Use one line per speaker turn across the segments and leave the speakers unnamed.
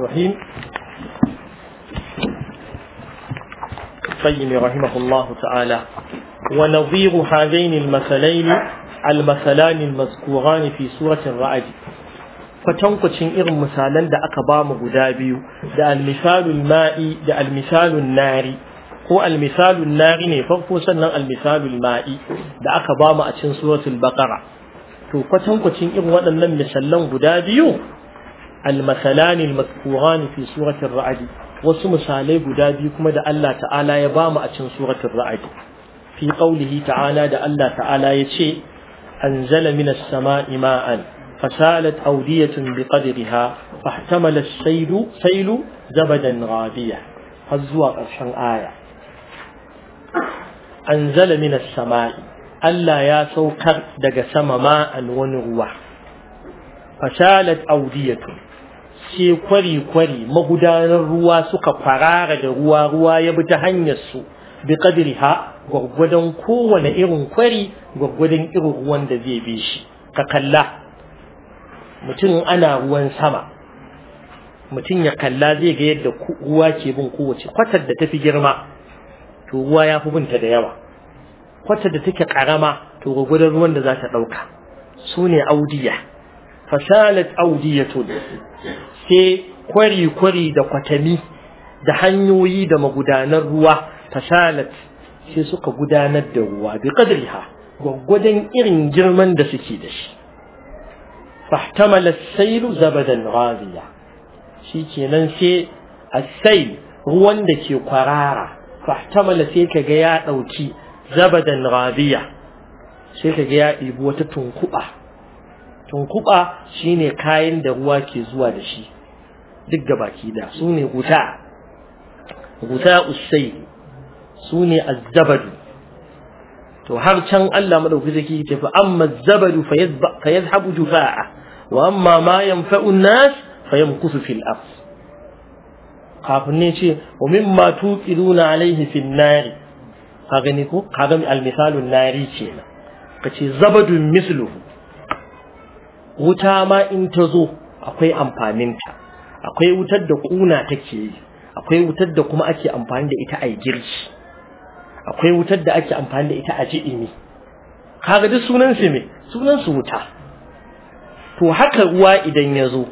الرحيم القيم رحمه الله تعالى ونظير هذين المثلين المثلان المذكوران في سورة الرعد kwatankwacin irin misalan da aka bamu guda biyu da almisalul ma'i da almisalun nari ko almisalun nari ne farko sannan almisalul ma'i da aka bamu a cikin suratul bakara, to kwatankwacin irin waɗannan misalan guda biyu المثلان المذكوران في سورة الرعد وسم سالي قدادي كما دا الله تعالى يبام أتن سورة الرعد في قوله تعالى دا الله تعالى يتشي أنزل من السماء ماء فسالت أودية بقدرها فاحتمل السيل سيل زبدا غابية هزوا قرشان آية أنزل من السماء ألا يا سوكر دق سما ماء ونروح فسالت أودية ce kwari-kwari magudanar ruwa suka farara da ruwa ruwa ya bi ta hanyar su bi ha gwargwadon kowane irin kwari gwargwadon irin ruwan da zai bi shi ka kalla mutum ana ruwan sama mutum ya kalla zai ga yadda ruwa ke bin kowace kwatar da ta fi girma to ruwa ya fi binta da yawa kwatar da take karama to gwargwadon ruwan da za ta ɗauka su ne audiya fasalat audiyatun sai kwari-kwari da kwatami da hanyoyi da magudanar ruwa fasalat sai suka gudanar da ruwa bi kadriha gwaggwadon irin girman da suke da shi fahtamala sailu zabadan ke nan sai a sail ruwan da ke kwarara fahtamala sai kaga ya dauki zabadan radiya sai kaga ya ɗibi wata tunkuba sunkuba shine kayan da ruwa ke zuwa da shi duk baki da su ne guta guta usai su ne azzabadu to har can Allah madauki zaki ce fa amma azzabadu fa yadhhabu jufa'a wa amma ma yanfa'u an-nas fa yamkusu fil ard kafin ne ce wa min mimma tuqiluna alaihi fin nari ka gani ko ka ga al ce na." Ka ce, zabadun misluhu wuta ma in ta zo akwai amfaninta akwai wutar da ƙuna take yi akwai wutar da kuma ake amfani da ita a girki akwai wutar da ake amfani da ita a ji imi kaga duk sunan su me sunan su wuta to haka ruwa idan ya zo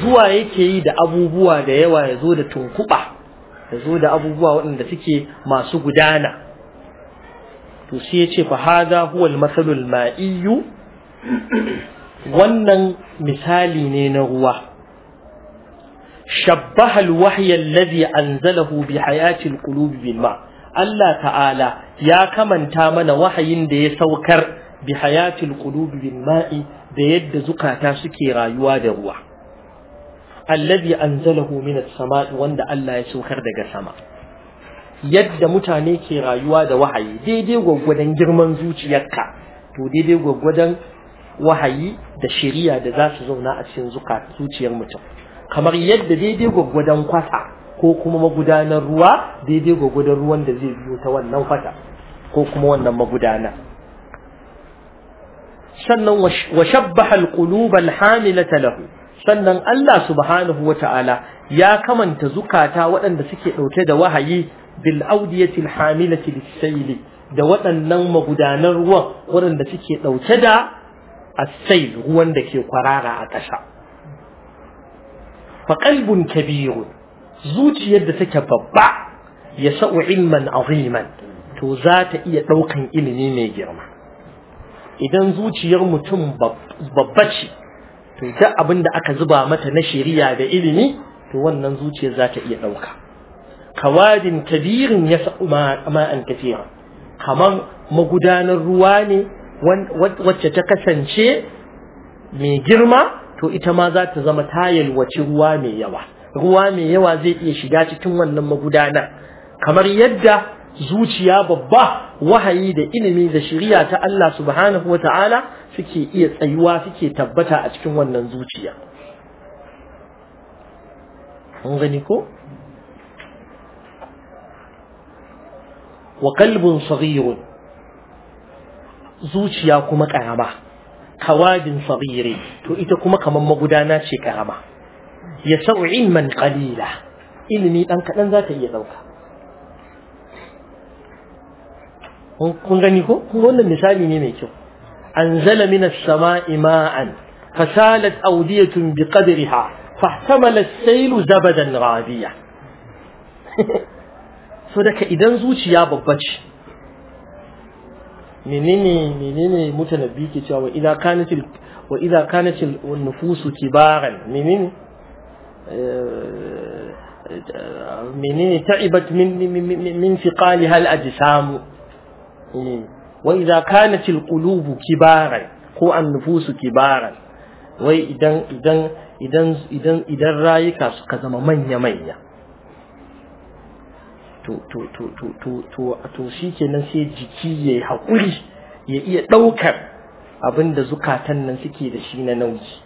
zuwa yake yi da abubuwa da yawa ya zo da tunkuɓa ya zo da abubuwa waɗanda suke masu gudana to sai ya ce fa hada huwa al-masalul ma'iyyu wannan misali ne na ruwa Shabbahal wahyan alladhi anzalahu bi hayati alqulubi ma Allah ta'ala ya kamanta mana wahayin da ya saukar bi hayati alqulubi ma'i da yadda zukata suke rayuwa da ruwa Allazi anzalahu min as wanda Allah ya saukar daga sama yadda mutane ke rayuwa da wahayi daidai gwaggwadon girman zuciyarka to daidai gwaggwadon wahayi da shiriya da za su zauna a cikin zuka zuciyar mutum kamar yadda daidai gwaggwadon kwasa ko kuma magudanar ruwa daidai gwaggwadon ruwan da zai biyo ta wannan kwasa ko kuma wannan magudana sannan wa shabbaha alquluba alhamilata lahu sannan Allah subhanahu wata'ala ya kamanta zukata waɗanda suke ɗauke da wahayi bil audiyati alhamilati lis da waɗannan magudanan ruwan waɗanda suke ɗauke da asai ruwan da ke kwarara a ƙasa faƙalbun kabiru zuciyar da take babba ya sa'u ilman aziman to za ta iya ɗaukan ilimi mai girma idan zuciyar mutum babba ce to ita abin da aka zuba mata na shari'a da ilimi to wannan zuciyar za ta iya ɗauka kawadin kabirin ya sa'u ma'an kafira kamar magudanar ruwa ne wacce ta kasance mai girma to ita ma za ta zama ta yalwaci ruwa mai yawa ruwa mai yawa zai iya shiga cikin wannan magudanar kamar yadda zuciya babba wahayi da ilimi da shiriya ta Allah subhanahu wata'ala suke iya tsayuwa suke tabbata a cikin wannan zuciya an gani ko wa qalbun saghirun zuciya kuma karama kawadin sabiri to ita kuma kamar magudana ce karama ya sau ilman qalila ilimi dan kadan za ta iya dauka kun gani ko wannan misali ne mai kyau anzala minas sama'i ma'an fasalat awdiyatun biqadriha fahtamala as-sayl zabadan radiya so daga idan zuciya babba ce menene menene mutanabbi ke cewa idza kanatil wa idza kanatil nufusu kibaran menene menene ta'ibat min min fiqaliha al-ajsam wa idza al qulubu kibaran ko an-nufusu kibaran wai idan idan idan idan idan rayuka suka zama manya manya to to to to shikenan sai jiki yayi haƙuri ya iya daukar abinda zukatan nan suke da shi na nauji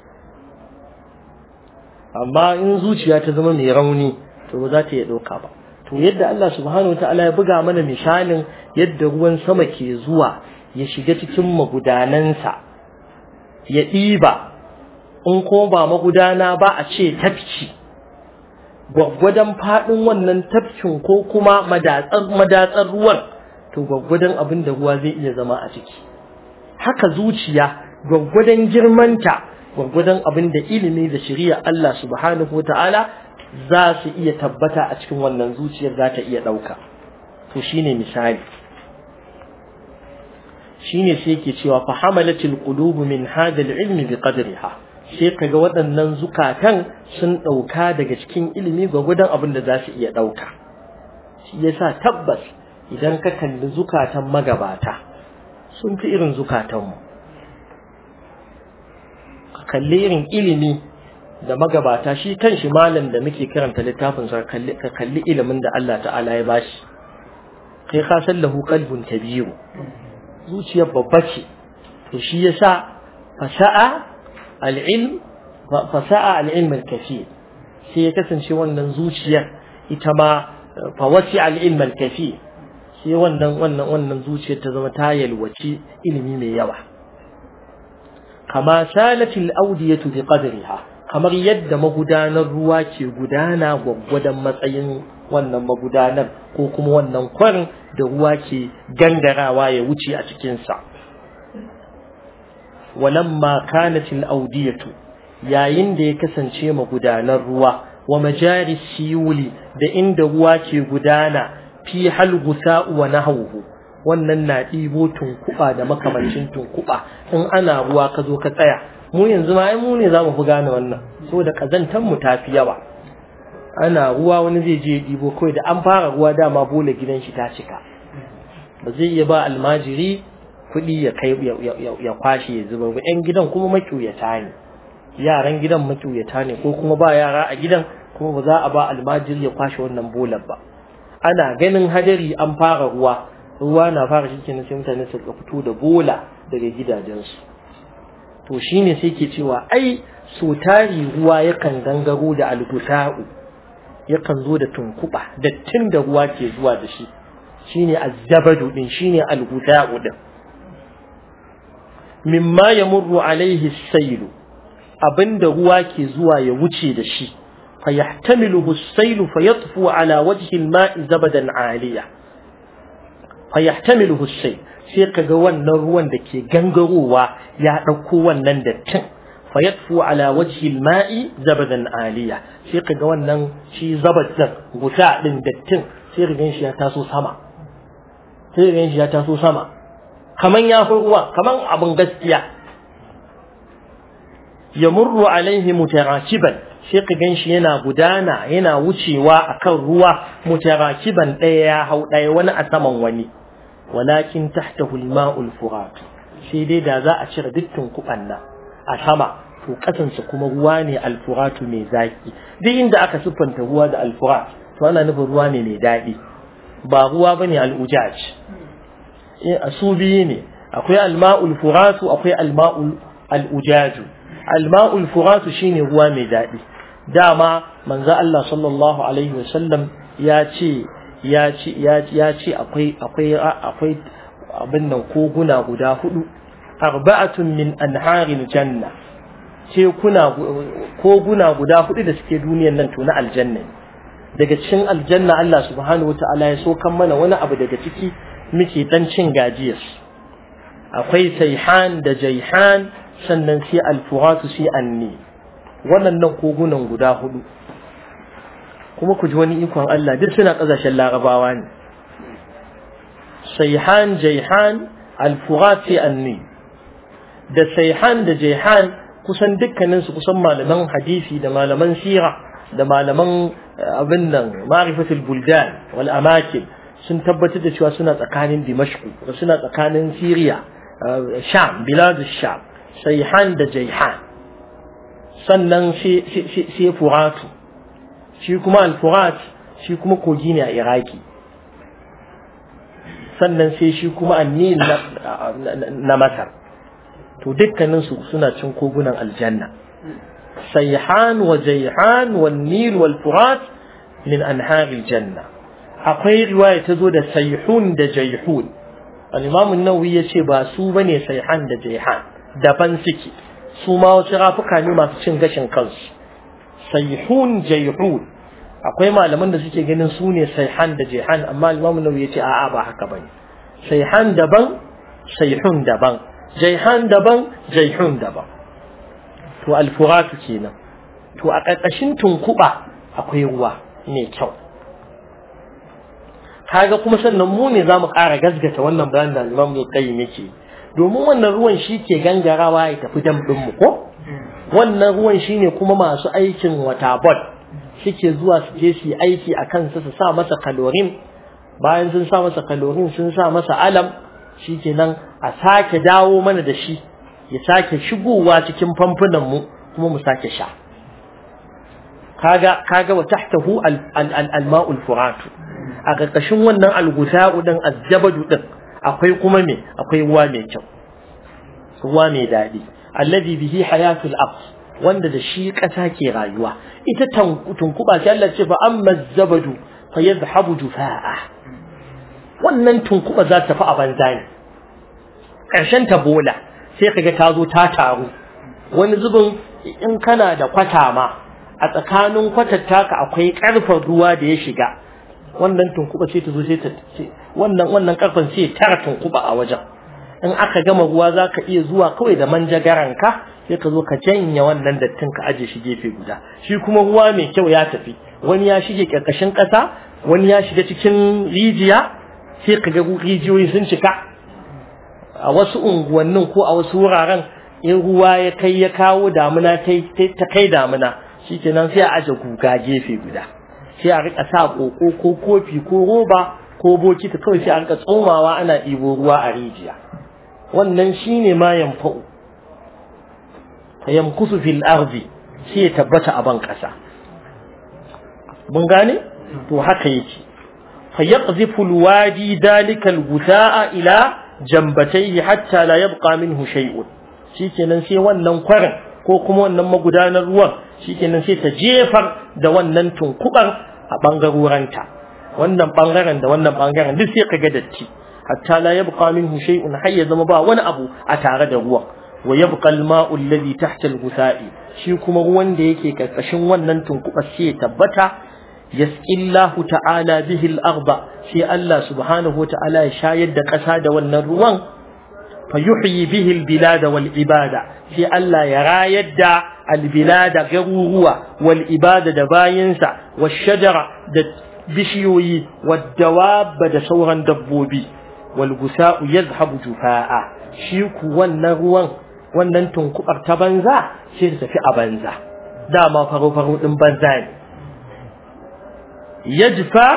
amma in zuciya ta zama mai rauni to ba za ta iya dauka ba to yadda Allah subhanahu ta'ala ya buga mana misalin yadda ruwan sama ke zuwa ya shiga cikin magudanansa ya ɗiba in ko ba magudana ba a ce tafci gwaggwadon faɗin wannan tafkin ko kuma madatsar ruwan to gwaggwadon abin da ruwa zai iya zama a ciki haka zuciya gwaggwadon girmanta gwaggwadon abin da ilimi da shari'a Allah subhanahu wata'ala za su iya tabbata a cikin wannan zuciyar za ta iya ɗauka to shine misali shine sai ke cewa fa hamalatil qulubu min hadha al-ilmi bi qadriha sai ga waɗannan zukatan sun ɗauka daga cikin ilimi ga gwagwadon abin da za su iya ɗauka shi sa tabbas idan ka kalli zukatan magabata sun fi irin zukatanmu ka kalli irin ilimi da magabata shi kan shi malam da muke karanta littafin sa ka kalli ilimin da Allah ta'ala ya bashi kai ka san lahu kalbun kabiru zuciyar babba ce to shi yasa fasa'a al'ilm fasa'a al'ilm al-kafi sai ya kasance wannan zuciyar ita ma fawasi al'ilm al-kafi sai wannan wannan wannan zuciyar ta zama ta yalwaci ilimi mai yawa kama salatil audiyatu bi qadriha kamar yadda magudanar ruwa ke gudana gwaggwadon matsayin wannan magudanar ko kuma wannan kwarin da ruwa ke gangarawa ya wuce a cikinsa walamma kanat al-awdiyatu yayin da ya kasance magudanar ruwa wa majaris siyuli da inda ruwa ke gudana fi halgusa wa hauhu, wannan na ɗibo tunkuɓa da makamancin tunkuɓa in ana ruwa ka zo ka tsaya mu yanzu ma ai mu ne za mu fi gane wannan so da kazantan mu tafi yawa ana ruwa wani zai je ɗibo kai da an fara ruwa dama bola gidan shi ta cika ba zai iya ba almajiri kuɗi ya kai ya kwashe ya zuba ba yan gidan kuma makiyata ne yaran gidan makiyata ne ko kuma ba yara a gidan kuma ba za a ba almajiri ya kwashe wannan bolar ba ana ganin hadari an fara ruwa ruwa na fara shi kenan sai mutane su fito da bola daga gidajensu to shine sai ke cewa ai so tari ruwa yakan gangaro da algusa'u yakan zo da tunkuba dattin da ruwa ke zuwa da shi shine azzabadu din shine algusa'u din mimma ya murru alaihi sailu abinda ruwa ke zuwa ya wuce da shi fa yahtamiluhu as-sailu fa yatfu ala wajhi al-ma'i zabadan 'aliya fa yahtamiluhu as-sail sai kaga wannan ruwan da ke gangarowa ya dauko wannan dattin fa yatfu ala wajhi al-ma'i zabadan 'aliya sai kaga wannan shi zabadan guta din dattin sai kaga shi ya taso sama sai kaga shi ya taso sama kaman ya fi ruwa kaman abun gaskiya ya murru alaihi mutarakiban sai ka ganshi yana gudana yana wucewa akan ruwa mutarakiban ɗaya ya hau ɗaya wani a saman wani walakin tahtahu al furat sai dai da za a cire dukkan kuban nan a sama to kasansa kuma ruwa ne alfuratu mai zaki duk inda aka siffanta ruwa da alfurat to ana nufin ruwa ne mai daɗi ba ruwa bane al'ujaj su biyu ne akwai alma'ul furasu akwai alma'ul al'ujaju alma'ul shi shine ruwa mai daɗi dama manzo Allah sallallahu alaihi wasallam ya ce ya ce akwai akwai akwai abin nan koguna guda hudu arba'atun min anharil janna tekuna koguna guda hudu da suke duniyar nan to na aljanna daga cikin aljanna Allah subhanahu wataala ya sokan mana wani abu daga ciki muke dan cin gajiyar akwai saihan da jaihan sannan sai alfuratu sai anni waɗannan kogunan guda hudu kuma ku ji wani ikon Allah duk suna ƙasashen larabawa ne saihan jaihan alfurat sai anni da saihan da jaihan kusan dukkaninsu kusan malaman hadisi da malaman sira da malaman eh, abin nan ma'rifatul buldan wal amakin sun tabbatar da cewa suna tsakanin dimashku suna tsakanin siriya uh, sham biladu sham saihan da jaihan sannan sai furatu shi kuma al-furat shi kuma kogi ne a iraki sannan sai shi kuma na masar to dukkaninsu suna cin kogunan aljanna saihan wa jaihan wa nil wal furat min anhari janna akwai riwaya ta zo da saihun da jayhun al-imam an-nawawi yace ba su bane sayhan da jayhan daban suke su ma wasu rafuka ne masu cin gashin kansu sayhun jayhun akwai malaman da suke ganin su ne sayhan da jayhan amma al-imam an-nawawi yace a'a ba haka bane Saihan daban sayhun daban jayhan daban jayhun daban to al-furatu kenan to a ƙarƙashin tunkuba akwai ruwa mai kyau kaga kuma sannan mu ne zamu ƙara gasgata wannan bayan da Imam Al-Qayyim yake domin wannan ruwan shi ke gangarawa ya tafi dam din mu ko wannan ruwan shi ne kuma masu aikin wata board suke zuwa su je su aiki a kansa su sa masa kalorin bayan sun sa masa kalorin sun sa masa alam shi ke nan a sake dawo mana da shi ya sake shigowa cikin famfunan mu kuma mu sake sha kaga kaga wa tahtahu al-ma'ul furatu a ƙarƙashin wannan algusa'u ɗin azzabadu ɗin akwai kuma me akwai ruwa mai kyau ruwa mai daɗi allazi bihi hayatul ard wanda da shi ƙasa ke rayuwa ita tunkuba ce Allah ce fa amma zabadu fa yadhhabu jufaa wannan tunkuba za ta fi a banza ne ƙarshen ta bola sai kaga ta zo ta taru wani zubin in kana da kwata ma a tsakanin kwatar taka akwai ƙarfin ruwa da ya shiga wannan tunkuba ce ta zo sai ta wannan wannan karfan sai tara tunkuba a wajen in aka gama ruwa za ka iya zuwa kawai da manjagaran ka sai ka zo ka janye wannan dattin ka aje shi gefe guda shi kuma ruwa mai kyau ya tafi wani ya shige karkashin ƙasa wani ya shiga cikin rijiya sai ka ga rijiyoyi sun cika a wasu unguwannin ko a wasu wuraren in ruwa ya kai ya kawo damuna ta kai damuna shikenan sai a aje guga gefe guda sai a rika sa koko ko kofi ko roba ko bokiti kawai sai a rika tsomawa ana ɗibo ruwa a rijiya wannan shine ma yamfa'u, yankusu fil ardi sai ya tabbata a ban ƙasa mun gane to haka yake فيقذف الوادي ذلك الغثاء ila جنبتيه حتى ya يبقى min شيء shikenan sai wannan kwarin ko kuma wannan magudanar ruwan shikenan sai ta jefar da wannan tunkubar a ɓangaroranta wannan ɓangaren da wannan ɓangaren duk sai ka ga datti hatta la yabqa minhu shay'un har ya zama ba wani abu a tare da ruwan wa yabqa al-ma'u alladhi tahta al-ghusa'i shi kuma ruwan da yake karkashin wannan tunkubar sai ya tabbata yasqillahu ta'ala bihi al-arba sai Allah subhanahu wa ta'ala ya shayar da ƙasa da wannan ruwan fa yuhyi bihi al-bilada wal ibada sai Allah ya rayar da البلاد غروروا والإبادة باينسا والشجرة بشيوي والدواب دسورا دبوبي والغساء يذهب جفاء شيك والنروا وننتم كبر تبنزا شيرت في أبنزا دا ما فرو فرو انبنزان يجفى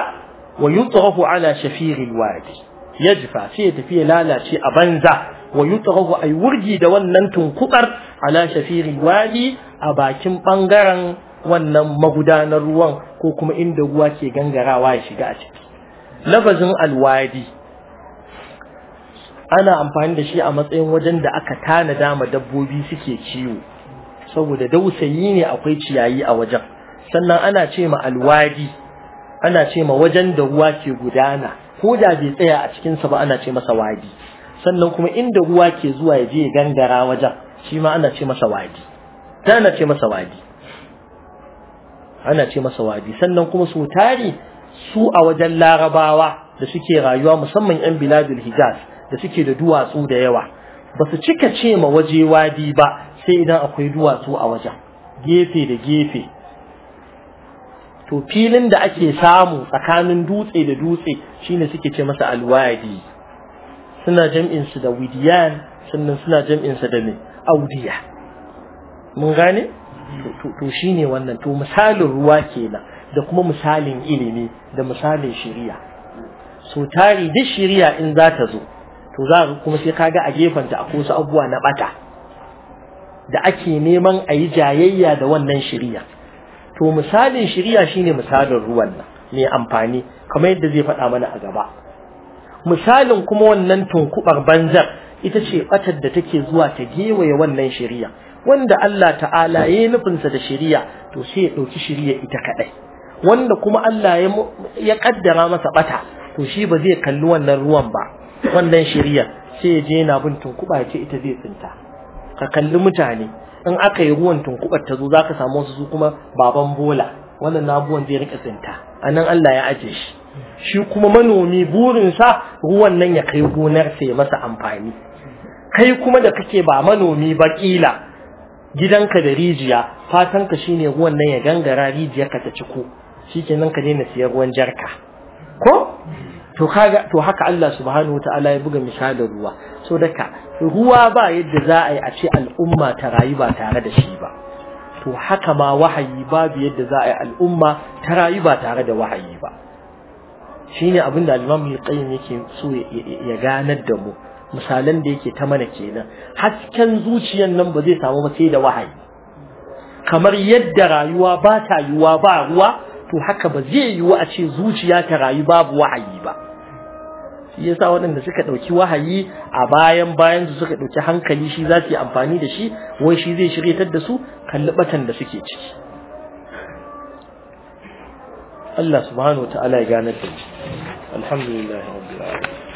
ويطرف على شفير الوادي يجفى شيرت في لالا شي أبنزا ويطرف أي ورجي دوان ننتم كبر ala shafiri wadi a bakin bangaren wannan magudanar ruwan ko kuma inda ruwa ke gangarawa ya shiga a ciki lafazin alwadi ana amfani da shi a matsayin wajen da aka tanadama ma dabbobi suke ciwo saboda dausayi ne akwai ciyayi a wajen sannan ana ce ma alwadi ana ce ma wajen da ruwa ke gudana ko da bai tsaya a cikinsa ba ana ce masa wadi sannan kuma inda ruwa ke zuwa ya je gangara wajen shi ma ana ce masa wadi ta ana ce masa wadi ana ce masa wadi sannan kuma su tari su a wajen larabawa da suke rayuwa musamman yan biladul hijaz da suke da duwatsu da yawa ba su cika ce ma waje wadi ba sai idan akwai duwatsu a wajen gefe da gefe to filin da ake samu tsakanin dutse da dutse shine suke ce masa alwadi suna jam'in su da widiyan sannan suna jam'in sa da me audiya mun gane to shine wannan to misalin ruwa kenan da kuma misalin ilimi da misalin shari'a so tari duk shari'a in za ta zo to za kuma sai kaga a gefanta akwai kusa abubuwa na bata da ake neman a yi jayayya da wannan shari'a to misalin shari'a shine misalin ruwan nan mai amfani kamar yadda zai faɗa mana a gaba misalin kuma wannan tunkubar banzar ita ce batar da take zuwa ta gewaye wannan shari'a wanda Allah ta'ala ya yi nufinsa da shari'a to sai ya ɗauki shari'a ita kaɗai wanda kuma Allah ya ƙaddara masa ɓata, to shi ba zai kalli wannan ruwan ba wannan shari'a sai ya je yana bin tunkuɓa ce ita zai tsinta ka kalli mutane in aka yi ruwan tunkuɓar ta zo za ka samu wasu su kuma baban bola wannan nabuwan zai rika tsinta a nan Allah ya ajiye shi shi kuma manomi burinsa ruwan nan ya kai gonar ya masa amfani kai kuma da kake ba manomi ba kila gidanka da rijiya fatanka shine ruwan nan ya gangara rijiyarka ta ciko shikenan ka daina siyan ruwan jarka ko to haka Allah subhanahu ta'ala ya buga misalin ruwa so daka ruwa ba yadda za a yi a ce al'umma ta rayu ba tare da shi ba to haka ma wahayi babu yadda za a yi al'umma ta rayu ba tare da wahayi ba Shi ne abin da alimam imam yake so ya ganar da mu misalan da yake ta mana kenan hasken zuciyan nan ba zai samu ba sai da wahayi kamar yadda rayuwa ba ta yiwuwa ba ruwa to haka ba zai yiwu a ce zuciya ta rayu babu wahayi ba shi yasa waɗanda suka ɗauki wahayi a bayan bayan su suka ɗauki hankali shi za su yi amfani da shi wai shi zai shiryatar da su kalli batan da suke ciki
Allah subhanahu wa ta'ala ya ganar da mu alhamdulillah rabbil alamin